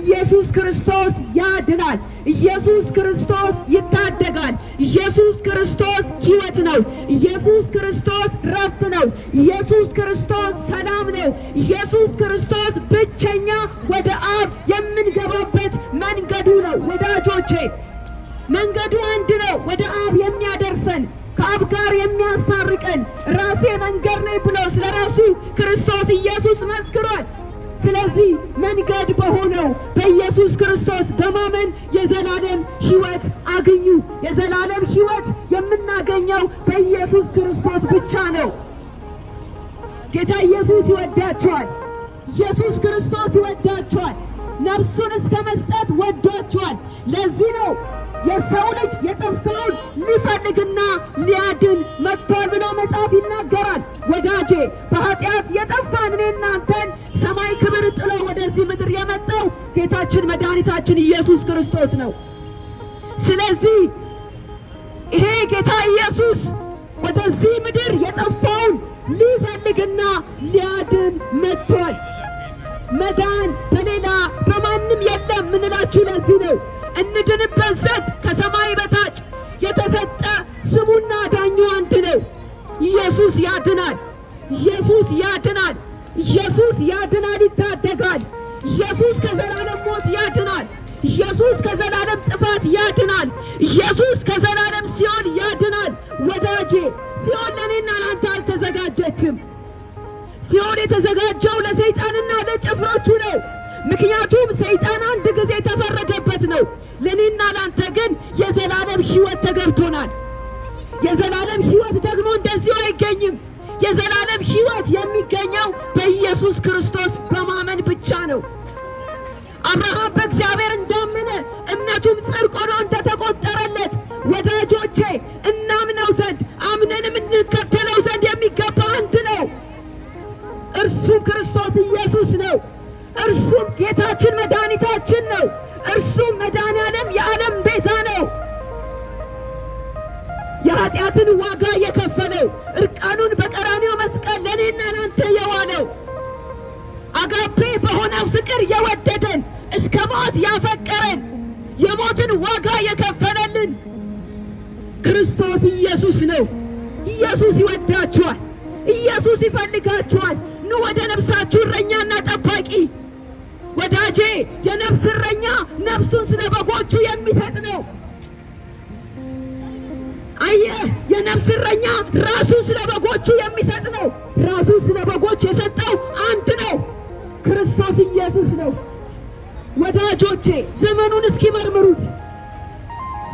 ኢየሱስ ክርስቶስ ያድናል። ኢየሱስ ክርስቶስ ይታደጋል። ኢየሱስ ክርስቶስ ሕይወት ነው። ኢየሱስ ክርስቶስ ረፍት ነው። ኢየሱስ ክርስቶስ ሰላም ነው። ኢየሱስ ክርስቶስ ብቸኛ ወደ አብ የምንገባበት መንገዱ ነው። ወዳጆቼ መንገዱ አንድ ነው፣ ወደ አብ የሚያደርሰን ከአብ ጋር የሚያስታርቀን። ራሴ መንገድ ነኝ ብሎ ስለ ራሱ ክርስቶስ ኢየሱስ መስክሯል። ስለዚህ መንገድ በሆነው በኢየሱስ ክርስቶስ በማመን የዘላለም ሕይወት አግኙ። የዘላለም ሕይወት የምናገኘው በኢየሱስ ክርስቶስ ብቻ ነው። ጌታ ኢየሱስ ይወዳችኋል። ኢየሱስ ክርስቶስ ይወዳችኋል። ነፍሱን እስከ መስጠት ወዷችኋል። ለዚህ ነው የሰው ልጅ ጌታ ኢየሱስ ወደዚህ ምድር የጠፋውን ሊፈልግና ሊያድን መጥቷል። መዳን በሌላ በማንም የለም ምንላችሁ ለዚህ ነው እንድንበት ዘንድ ከሰማይ በታች የተሰጠ ስሙና ዳኙ አንድ ነው። ኢየሱስ ያድናል። ኢየሱስ ያድናል። ኢየሱስ ያድናል፣ ይታደጋል። ኢየሱስ ከዘላለም ሞት ያድናል። ኢየሱስ ከዘላለም ጥፋት ያድናል። ኢየሱስ ከዘላለም ሲኦል ያድናል። ወዳጄ ሲኦል ለእኔና ለአንተ አልተዘጋጀችም። ሲኦል የተዘጋጀው ለሰይጣንና ለጭፍሮቹ ነው። ምክንያቱም ሰይጣን አንድ ጊዜ የተፈረደበት ነው። ለእኔና ለአንተ ግን የዘላለም ሕይወት ተገብቶናል። የዘላለም ሕይወት ደግሞ እንደዚሁ አይገኝም። የዘላለም ሕይወት የሚገኘው በኢየሱስ ክርስቶስ በማመን ብቻ ነው። ክርስቶስ ኢየሱስ ነው። እርሱም ጌታችን መድኃኒታችን ነው። እርሱም መድኃኒዓለም የዓለም ቤዛ ነው። የኃጢአትን ዋጋ የከፈለው እርቃኑን በቀራንዮ መስቀል ለእኔና ለአንተ የዋለው አጋፔ በሆነው ፍቅር የወደደን እስከ ሞት ያፈቀረን የሞትን ዋጋ የከፈለልን ክርስቶስ ኢየሱስ ነው። ኢየሱስ ይወዳችኋል። ኢየሱስ ይፈልጋችኋል። ኑ ወደ ነፍሳችሁ እረኛና ጠባቂ። ወዳጄ የነፍስ እረኛ ነፍሱን ስለ በጎቹ የሚሰጥ ነው። አየህ፣ የነፍስ እረኛ ራሱን ስለ በጎቹ የሚሰጥ ነው። ራሱን ስለ በጎች የሰጠው አንድ ነው፣ ክርስቶስ ኢየሱስ ነው። ወዳጆቼ ዘመኑን እስኪመርምሩት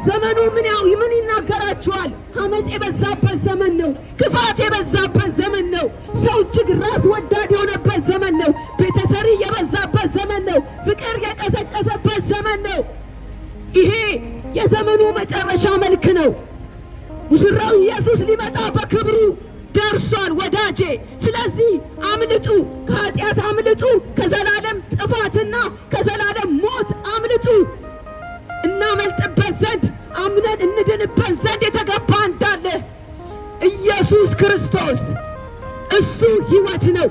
ዘመኑ ምን ያው ምን ይናገራችኋል? አመፅ የበዛበት ዘመን ነው። ክፋት የበዛበት ዘመን ነው። ሰው እጅግ ራስ ወዳድ የሆነበት ዘመን ነው። ቤተሰሪ የበዛበት ዘመን ነው። ፍቅር የቀዘቀዘበት ዘመን ነው። ይሄ የዘመኑ መጨረሻ መልክ ነው። ሙሽራው ኢየሱስ ሊመጣ በክብሩ ደርሷል ወዳጄ። ስለዚህ አምልጡ፣ ከኃጢአት አምልጡ፣ ከዘላለም ጥፋትና ከዘላለም ሞት አምልጡ እናመልጥበት ዘንድ እሱ ሕይወት ነው።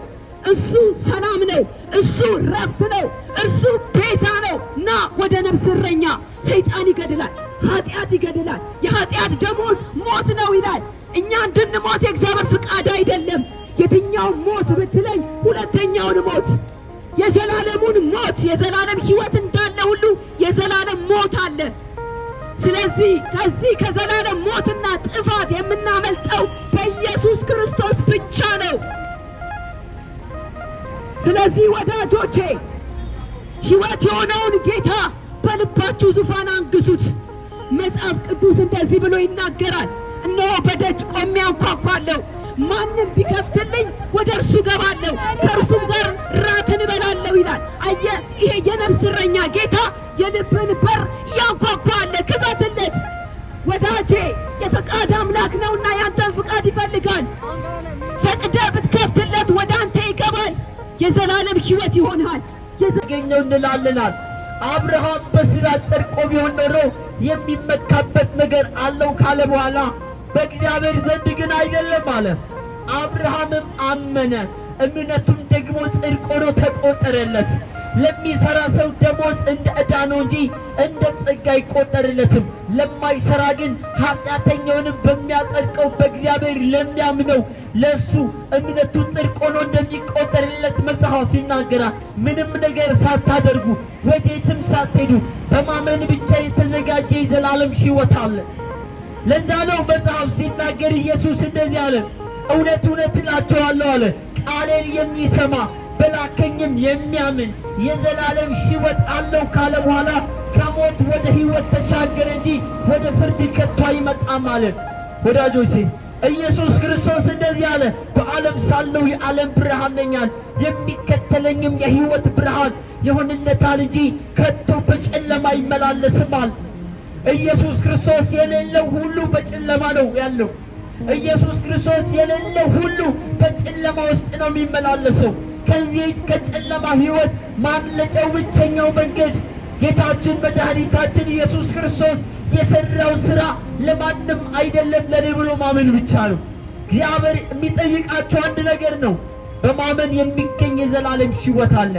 እሱ ሰላም ነው። እሱ ረፍት ነው። እሱ ቤዛ ነው። ና ወደ ነፍስ እረኛ። ሰይጣን ይገድላል፣ ኃጢአት ይገድላል። የኃጢአት ደሞዝ ሞት ነው ይላል። እኛ እንድንሞት የእግዚአብሔር ፍቃድ አይደለም። የትኛው ሞት ብትለኝ ሁለተኛውን ሞት የዘላለሙን ሞት የዘላለም ሕይወት እንዳለ ሁሉ የዘላለም ሞት አለ። ስለዚህ ከዚህ ከዘላለም ሞትና ጥፋት የምናመልጠው ስለዚህ ወዳጆቼ ሕይወት የሆነውን ጌታ በልባችሁ ዙፋን አንግሱት። መጽሐፍ ቅዱስ እንደዚህ ብሎ ይናገራል፣ እነሆ በደጅ ቆሜ አንኳኳለሁ፣ ማንም ቢከፍትልኝ ወደ እርሱ ገባለሁ፣ ከእርሱም ጋር ራትን እበላለሁ ይላል። አየ ይሄ የነፍስ እረኛ ጌታ የልብን በር ያንኳኳለ፣ ክፈትለት። ወዳጄ የፈቃድ አምላክ ነውና ያንተን ፍቃድ ይፈልጋል። ፈቅደ ብትከፍትለት የዘላለም ሕይወት ይሆናል ያገኘው እንላለናል። አብርሃም በስራ ጸድቆ ቢሆን ኖሮ የሚመካበት ነገር አለው ካለ በኋላ በእግዚአብሔር ዘንድ ግን አይደለም አለ። አብርሃምም አመነ፣ እምነቱም ደግሞ ጽድቅ ሆኖ ተቆጠረለት። ለሚሰራ ሰው ደሞዝ እንደ ዕዳ ነው እንጂ እንደ ጸጋ አይቆጠርለትም። ለማይሰራ ግን ኃጢአተኛውንም በሚያጸድቀው በእግዚአብሔር ለሚያምነው ለእሱ እምነቱ ጽድቅ ሆኖ እንደሚቆጠርለት መጽሐፍ ይናገራል። ምንም ነገር ሳታደርጉ ወዴትም ሳትሄዱ በማመን ብቻ የተዘጋጀ የዘላለም ሕይወት አለ። ለዛ ነው መጽሐፍ ሲናገር ኢየሱስ እንደዚህ አለ፣ እውነት እውነት እላችኋለሁ አለ ቃሌን የሚሰማ በላከኝም የሚያምን የዘላለም ሕይወት አለው ካለ በኋላ ከሞት ወደ ሕይወት ተሻገረ እንጂ ወደ ፍርድ ከቶ አይመጣም አለ። ወዳጆቼ ኢየሱስ ክርስቶስ እንደዚህ አለ፣ በዓለም ሳለው የዓለም ብርሃን ነኛል። የሚከተለኝም የሕይወት ብርሃን ይሆንለታል እንጂ ከቶ በጨለማ ይመላለስማል። ኢየሱስ ክርስቶስ የሌለው ሁሉ በጨለማ ነው ያለው። ኢየሱስ ክርስቶስ የሌለው ሁሉ በጨለማ ውስጥ ነው የሚመላለሰው። ከዚህ ከጨለማ ሕይወት ማምለጫው ብቸኛው መንገድ ጌታችን መድኃኒታችን ኢየሱስ ክርስቶስ የሰራው ሥራ ለማንም አይደለም፣ ለኔ ብሎ ማመን ብቻ ነው። እግዚአብሔር የሚጠይቃቸው አንድ ነገር ነው። በማመን የሚገኝ የዘላለም ሕይወት አለ።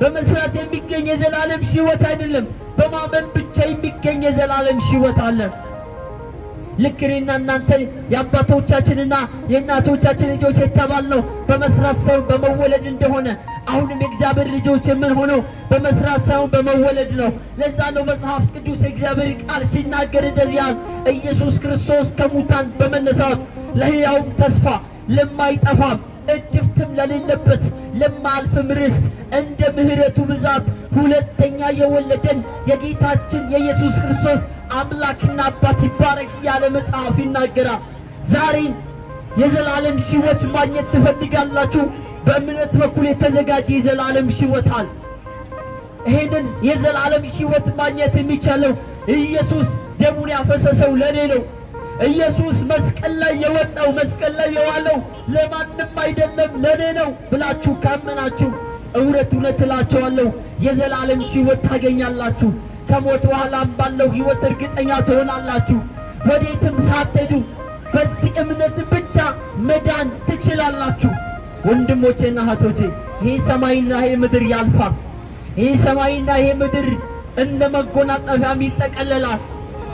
በመስራት የሚገኝ የዘላለም ሕይወት አይደለም። በማመን ብቻ የሚገኝ የዘላለም ሕይወት አለ። ልክ እኔና እናንተ የአባቶቻችንና የእናቶቻችን ልጆች የተባልነው በመስራት ሳይሆን በመወለድ እንደሆነ አሁንም የእግዚአብሔር ልጆች የምንሆነው በመስራት ሳይሆን በመወለድ ነው። ለዛ ነው መጽሐፍ ቅዱስ የእግዚአብሔር ቃል ሲናገር እንደዚህ ኢየሱስ ክርስቶስ ከሙታን በመነሳት ለሕያውም ተስፋ ለማይጠፋም እድፍትም ለሌለበት ለማያልፍም ርስት እንደ ምሕረቱ ብዛት ሁለተኛ የወለደን የጌታችን የኢየሱስ ክርስቶስ አምላክና አባት ይባረክ ያለ መጽሐፍ ይናገራል። ዛሬ የዘላለም ሕይወት ማግኘት ትፈልጋላችሁ? በእምነት በኩል የተዘጋጀ የዘላለም ሕይወት አለ። ይሄንን የዘላለም ሕይወት ማግኘት የሚቻለው ኢየሱስ ደሙን ያፈሰሰው ለእኔ ነው። ኢየሱስ መስቀል ላይ የወጣው መስቀል ላይ የዋለው ለማንም አይደለም ለእኔ ነው ብላችሁ ካመናችሁ እውነት እውነት እላቸዋለሁ የዘላለም ሕይወት ታገኛላችሁ። ከሞት በኋላም ባለው ሕይወት እርግጠኛ ትሆናላችሁ። ወዴትም ሳትሄዱ በዚህ እምነት ብቻ መዳን ትችላላችሁ። ወንድሞቼና እህቶቼ ይህ ሰማይና ይሄ ምድር ያልፋል። ይህ ሰማይና ይሄ ምድር እንደ መጎናጠፊያም ይጠቀለላል።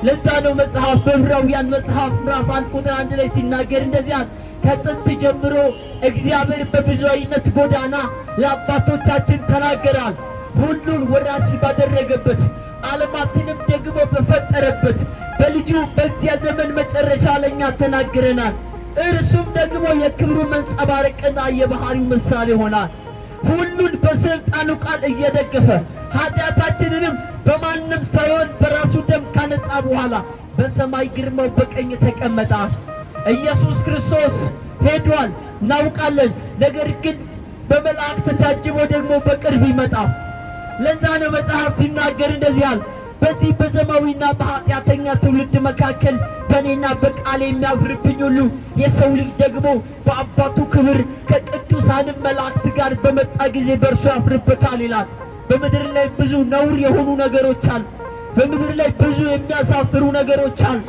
ለዛ ነው መጽሐፍ በዕብራውያን መጽሐፍ ምዕራፍ አንድ ቁጥር አንድ ላይ ሲናገር እንደዚያ ከጥንት ጀምሮ እግዚአብሔር አይነት ጎዳና ለአባቶቻችን ተናገራል ሁሉን ወራሽ ባደረገበት ዓለማትንም ደግሞ በፈጠረበት በልጁ በዚያ ዘመን መጨረሻ ለእኛ ተናግረናል። እርሱም ደግሞ የክብሩ መንጸባረቅና የባህሪው ምሳሌ ሆናል። ሁሉን በሥልጣኑ ቃል እየደገፈ ኃጢአታችንንም በማንም ሳይሆን በራሱ ደም ካነጻ በኋላ በሰማይ ግርማው በቀኝ ተቀመጣ። ኢየሱስ ክርስቶስ ሄዷል፣ እናውቃለን። ነገር ግን በመላእክት ታጅቦ ደግሞ በቅርብ ይመጣል። ለዛ ነው መጽሐፍ ሲናገር እንደዚህ አለ፣ በዚህ በዘማዊና በኃጢአተኛ ትውልድ መካከል በእኔና በቃሌ የሚያፍርብኝ ሁሉ የሰው ልጅ ደግሞ በአባቱ ክብር ከቅዱሳን መላእክት ጋር በመጣ ጊዜ በእርሱ ያፍርበታል ይላል። በምድር ላይ ብዙ ነውር የሆኑ ነገሮች አሉ። በምድር ላይ ብዙ የሚያሳፍሩ ነገሮች አሉ።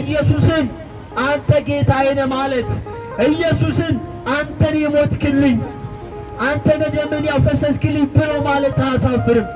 ኢየሱስን አንተ ጌታዬ ነህ ማለት ኢየሱስን አንተን የሞትክልኝ አንተ ደምን ያፈሰስክልኝ ብሎ ማለት አያሳፍርም።